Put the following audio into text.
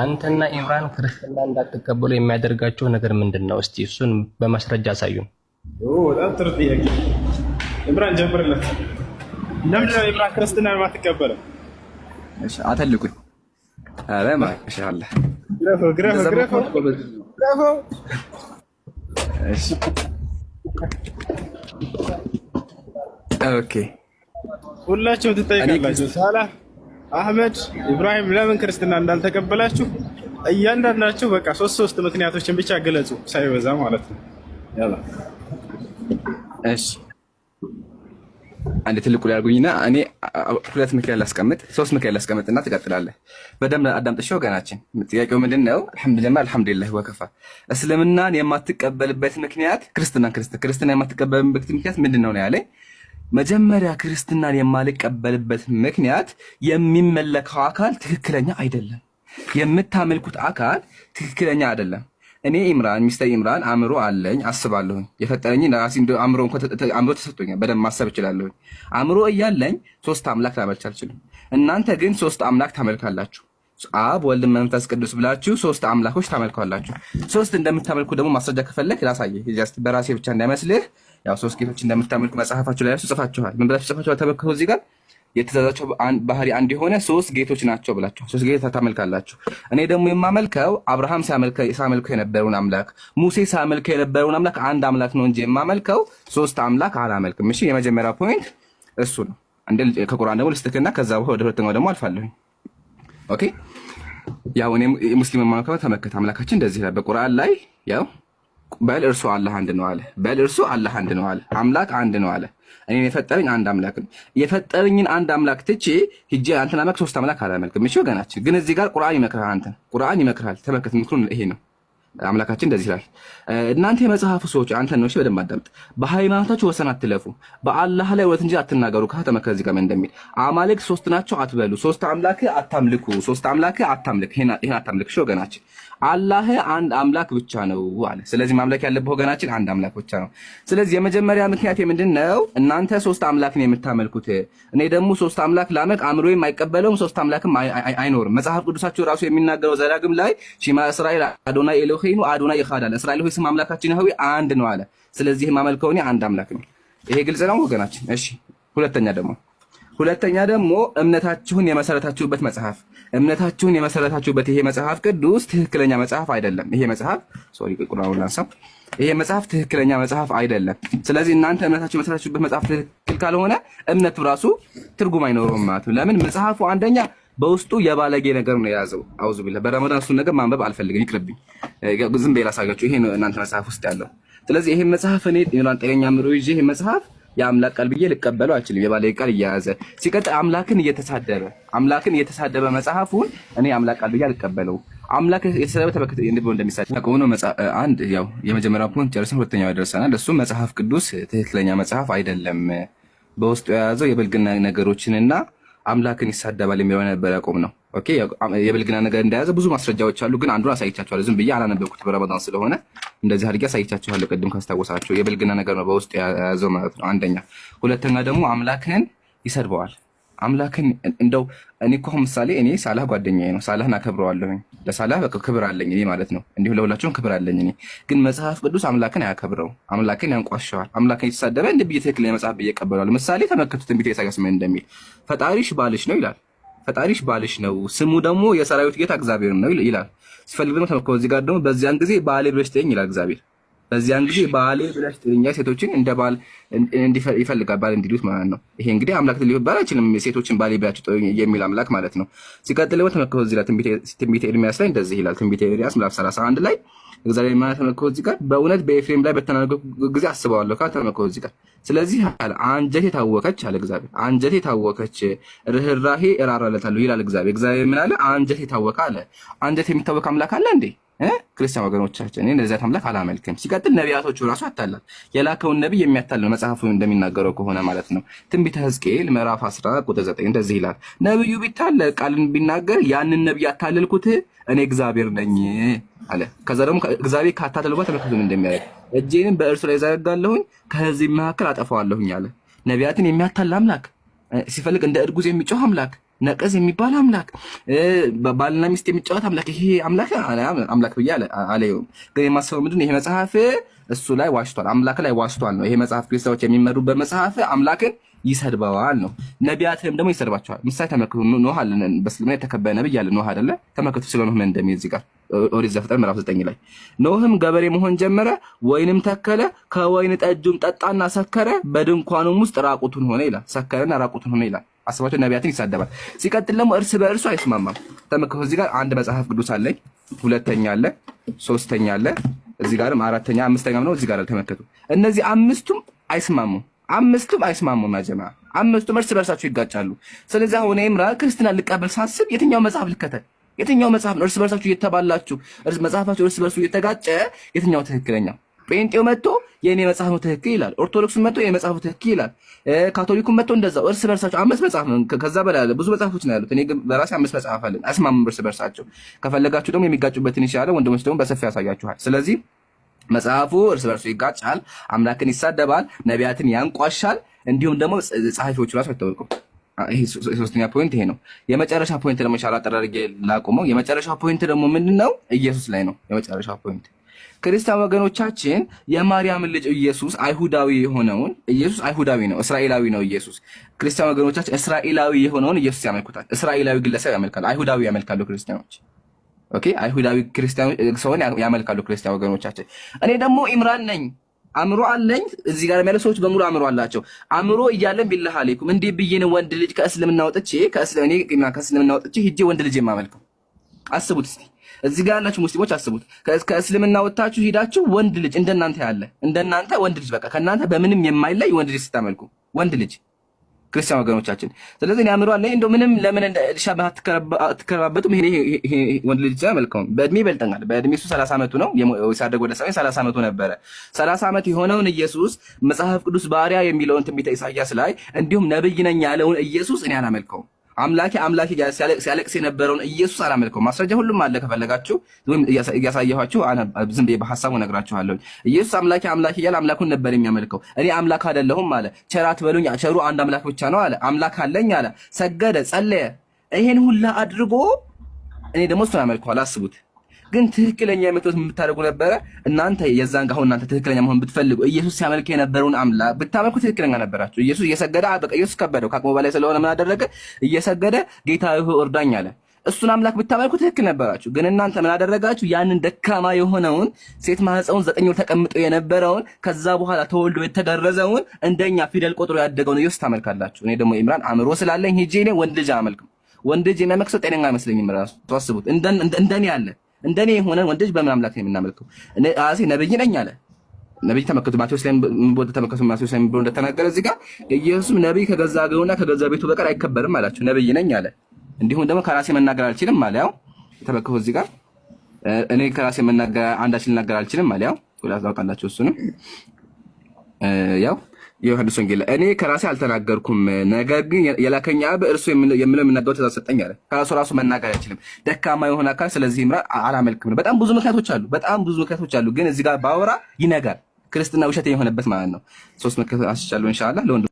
አንተና ኢምራን ክርስትና እንዳትቀበሉ የሚያደርጋቸው ነገር ምንድን ነው? እስቲ እሱን በማስረጃ አሳዩን። በጣም ጥሩ ጥያቄ። ኢምራን ጀምርለት። ለምንድን ነው ኢምራን ክርስትና የማትቀበለው? አተልቁኝ። ኧረ ማሻአላህ ሁላችሁም ትጠይቃላችሁ። አህመድ ኢብራሂም ለምን ክርስትና እንዳልተቀበላችሁ እያንዳንዳችሁ በቃ ሶስት ሶስት ምክንያቶችን ብቻ ገለጹ፣ ሳይበዛ ማለት ነው። እሺ አንድ ትልቁ ሊያርጉኝና እኔ ሁለት ምክንያት ላስቀምጥ፣ ሶስት ምክንያት ላስቀምጥና ትቀጥላለህ። በደንብ አዳምጥሽ ወገናችን። ጥያቄው ምንድን ነው? አልሐምዱሊላህ አልሐምዱሊላህ ወከፋ። እስልምናን የማትቀበልበት ምክንያት ክርስትናን ክርስትና የማትቀበልበት ምክንያት ምንድን ነው ነው ያለኝ መጀመሪያ ክርስትናን የማልቀበልበት ምክንያት የሚመለከው አካል ትክክለኛ አይደለም፣ የምታመልኩት አካል ትክክለኛ አይደለም። እኔ ኢምራን ሚስተር ኢምራን አእምሮ አለኝ፣ አስባለሁኝ። የፈጠረኝ አእምሮ አእምሮ ተሰጥቶኛል፣ በደንብ ማሰብ እችላለሁኝ። አእምሮ እያለኝ ሶስት አምላክ ላመልክ አልችልም። እናንተ ግን ሶስት አምላክ ታመልካላችሁ። አብ ወልድ መንፈስ ቅዱስ ብላችሁ ሶስት አምላኮች ታመልከዋላችሁ። ሶስት እንደምታመልኩ ደግሞ ማስረጃ ከፈለክ ላሳየህ። በራሴ ብቻ እንዳይመስልህ ያው ሶስት ጌቶች እንደምታመልኩ መጽሐፋችሁ ላይ ጽፋችኋል። ምን ብላችሁ ጽፋችኋል? ተመልከቱ እዚህ ጋር የትእዛዛቸው ባህሪ አንድ የሆነ ሶስት ጌቶች ናቸው ብላችሁ ሶስት ጌቶች ታመልካላችሁ። እኔ ደግሞ የማመልከው አብርሃም ሳመልከው የነበረውን አምላክ፣ ሙሴ ሳመልከው የነበረውን አምላክ አንድ አምላክ ነው እንጂ የማመልከው ሶስት አምላክ አላመልክም። እሺ የመጀመሪያ ፖይንት እሱ ነው። እንደ ከቁርአን ደግሞ ልስትክና ከዛ በኋላ ወደ ሁለተኛው ደግሞ አልፋለሁኝ። ኦኬ ያው እኔ ሙስሊም ማከበ ተመከተ አምላካችን እንደዚህ ላይ በቁርአን ላይ ያው በል እርሱ አላህ አንድ ነው አለ። በል እርሱ አላህ አንድ ነው አለ። አምላክ አንድ ነው አለ። እኔ የፈጠረኝ አንድ አምላክ ነው። የፈጠረኝን አንድ አምላክ ትቼ ሂጄ አንተን አምላክ ሶስት አምላክ አላመልክም። እሺ ወገናችን፣ ግን እዚህ ጋር ቁርአን ይመክራል። አንተን ቁርአን ይመክራል። ተመከተ ምክሩን ይሄ ነው። አምላካችን እንደዚህ ይላል፣ እናንተ የመጽሐፉ ሰዎች አንተ ነው። እሺ በደንብ አዳምጥ። በሃይማኖታችሁ ወሰን አትለፉ፣ በአላህ ላይ እውነት እንጂ አትናገሩ። ከተመ ከዚህ ጋር እንደሚል አማልክ ሶስት ናቸው አትበሉ፣ ሶስት አምላክ አታምልኩ፣ ሶስት አምላክ አታምልክ፣ ይሄን አታምልክ። ወገናችን፣ አላህ አንድ አምላክ ብቻ ነው አለ። ስለዚህ ማምለክ ያለብህ ወገናችን አንድ አምላክ ብቻ ነው። ስለዚህ የመጀመሪያ ምክንያት የምንድን ነው? እናንተ ሶስት አምላክ ነው የምታመልኩት፣ እኔ ደግሞ ሶስት አምላክ ላመልክ አእምሮዬም አይቀበለውም፣ ሶስት አምላክም አይኖርም። መጽሐፍ ቅዱሳችሁ ራሱ የሚናገረው ዘዳግም ላይ ሺማ እስራኤል አዶና ኤሎ ኤሎሄኑ አዶና ይኻድ አለ። እስራኤል ሆይ ስም አምላካችን ያህዌ አንድ ነው አለ። ስለዚህ የማመልከው እኔ አንድ አምላክ ነው። ይሄ ግልጽ ነው ወገናችን። እሺ ሁለተኛ ደግሞ ሁለተኛ ደግሞ እምነታችሁን የመሰረታችሁበት መጽሐፍ እምነታችሁን የመሰረታችሁበት ይሄ መጽሐፍ ቅዱስ ትክክለኛ መጽሐፍ አይደለም። ይሄ መጽሐፍ ሶሪ ቁራውን ላንሳ። ይሄ መጽሐፍ ትክክለኛ መጽሐፍ አይደለም። ስለዚህ እናንተ እምነታችሁ የመሰረታችሁበት መጽሐፍ ትክክል ካልሆነ እምነቱ ራሱ ትርጉም አይኖረውም ማለት ነው። ለምን መጽሐፉ አንደኛ በውስጡ የባለጌ ነገር ነው የያዘው። አውዝ ቢላ በረመዳን እሱን ነገር ማንበብ አልፈልግም፣ ይቅርብኝ። ዝም ብዬ ላሳያችሁ። ይሄ ነው እናንተ መጽሐፍ ውስጥ ያለው። ስለዚህ ይሄን መጽሐፍ እኔ ጤናን ጤነኛ ምሮ ይዤ ይሄ መጽሐፍ የአምላክ ቃል ብዬ ልቀበለው አልችልም። የባለጌ ቃል እየያዘ ሲቀጥል አምላክን እየተሳደበ አምላክን እየተሳደበ መጽሐፉን እኔ የአምላክ ቃል ብዬ አልቀበለው። አምላክ የተሰደበ ተበክተ እንደ እንደሚሳደብ ያቆሙ አንድ ያው የመጀመሪያው ፖንት ጨርሰን ሁለተኛው ያደርሰናል። እሱ መጽሐፍ ቅዱስ ትክክለኛ መጽሐፍ አይደለም። በውስጡ የያዘው የብልግና ነገሮችንና አምላክን ይሳደባል የሚለው ነበር ያቆም ነው። ኦኬ የብልግና ነገር እንደያዘ ብዙ ማስረጃዎች አሉ፣ ግን አንዱን አሳይቻችኋለሁ። ዝም ብዬ አላነበብኩት በረመዳን ስለሆነ እንደዚህ አድርጌ አሳይቻችኋለሁ። ቅድም ካስታወሳቸው የብልግና ነገር ነው በውስጥ የያዘው ማለት ነው። አንደኛ። ሁለተኛ ደግሞ አምላክን ይሰድበዋል። አምላክን እንደው እኔ እኮ አሁን ምሳሌ እኔ ሳላህ ጓደኛዬ ነው። ሳላህን አከብረዋለሁኝ። ለሳላህ በቃ ክብር አለኝ እኔ ማለት ነው። እንዲሁ ለሁላችሁም ክብር አለኝ እኔ። ግን መጽሐፍ ቅዱስ አምላክን አያከብረው፣ አምላክን ያንቋሸዋል፣ አምላክን የተሳደበ እንደ ብዬ ትክክል መጽሐፍ ብዬ ቀበለዋል። ምሳሌ ተመልከቱ፣ ትንቢተ ኢሳይያስ ምን እንደሚል ፈጣሪሽ ባልሽ ነው ይላል። ፈጣሪሽ ባልሽ ነው፣ ስሙ ደግሞ የሰራዊት ጌታ እግዚአብሔር ነው ይላል። ሲፈልግ ደግሞ እዚህ ጋር ደግሞ በዚያን ጊዜ ባሌ ብለሽ ትይኝ ይላል እግዚአብሔር በዚያን ጊዜ ባሌ ብለሽ እኛ ሴቶችን እንደ ባል ይፈልጋል ባል እንዲሉት ማለት ነው። ይሄ እንግዲህ አምላክ ትልዩ ባል አይችልም። ሴቶችን ባሌ ብላቸው የሚል አምላክ ማለት ነው። ሲቀጥል ወት ተመልከቱ እዚህ ላይ ትንቢተ ኤርሚያስ ላይ እንደዚህ ይላል። ትንቢተ ኤርሚያስ ምዕራፍ 31 ላይ እግዚአብሔር ማለት ተመልከቱ እዚህ ጋር በእውነት በኤፍሬም ላይ በተናገርኩ ጊዜ አስበዋለሁ ካለ ተመልከቱ እዚህ ጋር ስለዚህ አለ አንጀቴ ታወከች አለ እግዚአብሔር። አንጀቴ ታወከች ርኅራሄ እራራለታለሁ ይላል እግዚአብሔር። እግዚአብሔር ምን አለ? አንጀቴ ታወከ አለ። አንጀት የሚታወክ አምላክ አለ እንዴ? ክርስቲያን ወገኖቻችን እኔ ለዚያ አምላክ አላመልክም። ሲቀጥል ነቢያቶቹ ራሱ ያታላል የላከውን ነቢይ ነው መጽሐፉ እንደሚናገረው ከሆነ ማለት ነው። ትንቢተ ሕዝቅኤል ምዕራፍ 14 ቁጥር 9 እንደዚህ ይላል፣ ነቢዩ ቢታለ ቃልን ቢናገር ያንን ነቢይ ያታለልኩት እኔ እግዚአብሔር ነኝ አለ። ከዛ ደግሞ እግዚአብሔር ካታለል ጋር ተመልከቱም እንደሚያደርግ እጄንም በእርሱ ላይ ዘረጋለሁኝ ከህዝብ መካከል አጠፋዋለሁኝ አለ። ነቢያትን የሚያታል አምላክ ሲፈልግ እንደ እርጉዝ የሚጮህ አምላክ ነቀዝ የሚባል አምላክ ባልና ሚስት የሚጫወት አምላክ ይሄ አምላክ አምላክ ብዬ አላየውም። ግን የማስበው ምንድን ነው ይሄ መጽሐፍ እሱ ላይ ዋሽቷል፣ አምላክ ላይ ዋሽቷል ነው። ይሄ መጽሐፍ ክርስቲያኖች የሚመሩበት መጽሐፍ አምላክን ይሰድበዋል ነው። ነቢያትንም ደግሞ ይሰድባቸዋል። ምሳሌ ተመክቱ ኖህ አለ በእስልምና የተከበረ ነብይ አለ ኖህ አደለ ተመክቱ ስለ ኖህ ምን እንደሚል እዚህ ጋር ኦሪት ዘፍጥረት ምዕራፍ ዘጠኝ ላይ ኖህም ገበሬ መሆን ጀመረ፣ ወይንም ተከለ፣ ከወይን ጠጁም ጠጣና ሰከረ፣ በድንኳኑም ውስጥ ራቁቱን ሆነ ይላል። ሰከረና ራቁቱን ሆነ ይላል። አስባቸው ነቢያትን ይሳደባል። ሲቀጥል ደግሞ እርስ በእርሱ አይስማማም። ተመልከቱ፣ እዚህ ጋር አንድ መጽሐፍ ቅዱስ አለኝ፣ ሁለተኛ አለ፣ ሶስተኛ አለ፣ እዚህ ጋርም አራተኛ፣ አምስተኛ ነው እዚህ ጋር ተመልከቱ። እነዚህ አምስቱም አይስማሙም፣ አምስቱም አይስማሙም። ያጀማ አምስቱም እርስ በእርሳቸው ይጋጫሉ። ስለዚህ አሁን ይህም ክርስትና ልቀበል ሳስብ የትኛው መጽሐፍ ልከተል? የትኛው መጽሐፍ ነው እርስ በእርሳችሁ እየተባላችሁ መጽሐፋችሁ እርስ በእርሱ እየተጋጨ የትኛው ትክክለኛው ጴንጤው መጥቶ የእኔ መጽሐፍ ነው ትክክል ይላል። ኦርቶዶክስ መጥቶ የእኔ መጽሐፍ ነው ትክክል ይላል። ካቶሊኩም መጥቶ እንደዛው እርስ በርሳቸው አምስት መጽሐፍ ከዛ በላይ ያለ ብዙ መጽሐፎች ነው ያሉት። እኔ ግን በራሴ አምስት መጽሐፍ አለን። አስማምም እርስ በርሳቸው ከፈለጋችሁ ደግሞ የሚጋጩበትን ይሻለ ወንድሞች ደግሞ በሰፊ ያሳያችኋል። ስለዚህ መጽሐፉ እርስ በርሱ ይጋጫል፣ አምላክን ይሳደባል፣ ነቢያትን ያንቋሻል፣ እንዲሁም ደግሞ ጸሐፊዎቹ ራሱ አይታወቁም። ሶስተኛ ፖይንት ይሄ ነው። የመጨረሻ ፖይንት ደግሞ ሻላ አጠራርጌ ላቁመው። የመጨረሻ ፖይንት ደግሞ ምንድን ነው? ኢየሱስ ላይ ነው የመጨረሻ ፖይንት ክርስቲያን ወገኖቻችን የማርያም ልጅ ኢየሱስ አይሁዳዊ የሆነውን ኢየሱስ አይሁዳዊ ነው፣ እስራኤላዊ ነው። ኢየሱስ ክርስቲያን ወገኖቻችን እስራኤላዊ የሆነውን ኢየሱስ ያመልኩታል። እስራኤላዊ ግለሰብ ያመልካሉ፣ አይሁዳዊ ያመልካሉ ክርስቲያኖች። ኦኬ አይሁዳዊ ክርስቲያን ሰውን ያመልካሉ ክርስቲያን ወገኖቻችን። እኔ ደግሞ ኢምራን ነኝ፣ አእምሮ አለኝ። እዚህ ጋር ያለ ሰዎች በሙሉ አእምሮ አላቸው። አእምሮ እያለን ቢላህ አለይኩም እንዴ ብዬ ወንድ ልጅ ከእስልምና ወጥቼ ከእስልምና ወጥቼ ሂጄ ወንድ ልጅ የማመልከው አስቡት እስቲ እዚህ ጋር ያላችሁ ሙስሊሞች አስቡት። ከእስልምና ወጣችሁ ሂዳችሁ ወንድ ልጅ እንደናንተ ያለ እንደናንተ ወንድ ልጅ በቃ ከእናንተ በምንም የማይለይ ወንድ ልጅ ስታመልኩ ወንድ ልጅ ክርስቲያን ወገኖቻችን፣ ስለዚህ ያምሩ አለ እንደ ምንም ለምን ሻ አትከረባበጡም? ይሄ ወንድ ልጅ መልካም በእድሜ ይበልጠናል። በእድሜ እሱ 30 ዓመቱ ነው የሳደግ ወደ ሰማይ 30 ዓመቱ ነበረ። 30 ዓመት የሆነውን ኢየሱስ መጽሐፍ ቅዱስ ባሪያ የሚለውን ትንቢተ ኢሳያስ ላይ እንዲሁም ነብይ ነኝ ያለውን ኢየሱስ እኔ አላመልከውም። አምላኬ አምላኬ ሲያለቅስ የነበረውን ኢየሱስ አላመልከው። ማስረጃ ሁሉም አለ ከፈለጋችሁ፣ ወይም እያሳየኋችሁ ዝም ብዬ በሀሳቡ እነግራችኋለሁ። ኢየሱስ አምላኬ አምላኬ እያለ አምላኩን ነበር የሚያመልከው። እኔ አምላክ አይደለሁም አለ። ቸር አትበሉኝ፣ ቸሩ አንድ አምላክ ብቻ ነው አለ። አምላክ አለኝ አለ። ሰገደ፣ ጸለየ። ይሄን ሁላ አድርጎ እኔ ደግሞ እሱን አመልከዋል። አስቡት። ግን ትክክለኛ የመቶት የምታደርጉ ነበረ። እናንተ የዛን ጋር እናንተ ትክክለኛ መሆን ብትፈልጉ ኢየሱስ ሲያመልክ የነበረውን አምላክ ብታመልኩ ትክክለኛ ነበራችሁ። ኢየሱስ እየሰገደ በቃ ኢየሱስ ከበደው ከአቅሙ በላይ ስለሆነ ምን አደረገ? እየሰገደ ጌታ ሆይ እርዳኝ አለ። እሱን አምላክ ብታመልኩ ትክክል ነበራችሁ። ግን እናንተ ምን አደረጋችሁ? ያንን ደካማ የሆነውን ሴት ማህፀውን ዘጠኝ ወር ተቀምጦ የነበረውን ከዛ በኋላ ተወልዶ የተገረዘውን እንደኛ ፊደል ቆጥሮ ያደገውን ኢየሱስ ታመልካላችሁ። እኔ ደግሞ ኢምራን አእምሮ ስላለኝ ሄጄ እኔ ወንድ ልጅ አመልክም። ወንድ ልጅ የሚያመልክ ሰው ጤነኛ አይመስለኝም። ራሱ አስቡት እንደኔ ያለ እንደኔ የሆነ ወንድ ልጅ በምን አምላክ ነው የምናመልከው? አሴ ነብይ ነኝ አለ። ነብይ ተመከቱ ማቴዎስ ላይ ወደ ተመከቱ ማቴዎስ ላይ ብሎ እንደተናገረ እዚህ ጋር ኢየሱስም ነብይ ከገዛ ሀገሩና ከገዛ ቤቱ በቀር አይከበርም አላቸው። ነብይ ነኝ አለ። እንዲሁም ደግሞ ከራሴ መናገር አልችልም አለ። ያው ተመከቱ እዚህ ጋር እኔ ከራሴ መናገር አንዳችን ልናገር አልችልም አለ። ያው ሁላ ታውቃላችሁ። እሱንም ያው የዮሐንስ ወንጌል እኔ ከራሴ አልተናገርኩም፣ ነገር ግን የላከኝ አብ እርሱ የምለው የምናገረው ትእዛዝ ሰጠኝ አለ። ከራሱ ራሱ መናገር አይችልም፣ ደካማ የሆነ አካል። ስለዚህ ምራ አላመልክም ነው። በጣም ብዙ ምክንያቶች አሉ፣ በጣም ብዙ ምክንያቶች አሉ። ግን እዚህ ጋር ባወራ ይነጋል። ክርስትና ውሸት የሆነበት ማለት ነው። ሶስት ምክንያት አስቻለሁ። ኢንሻላህ ለወንድ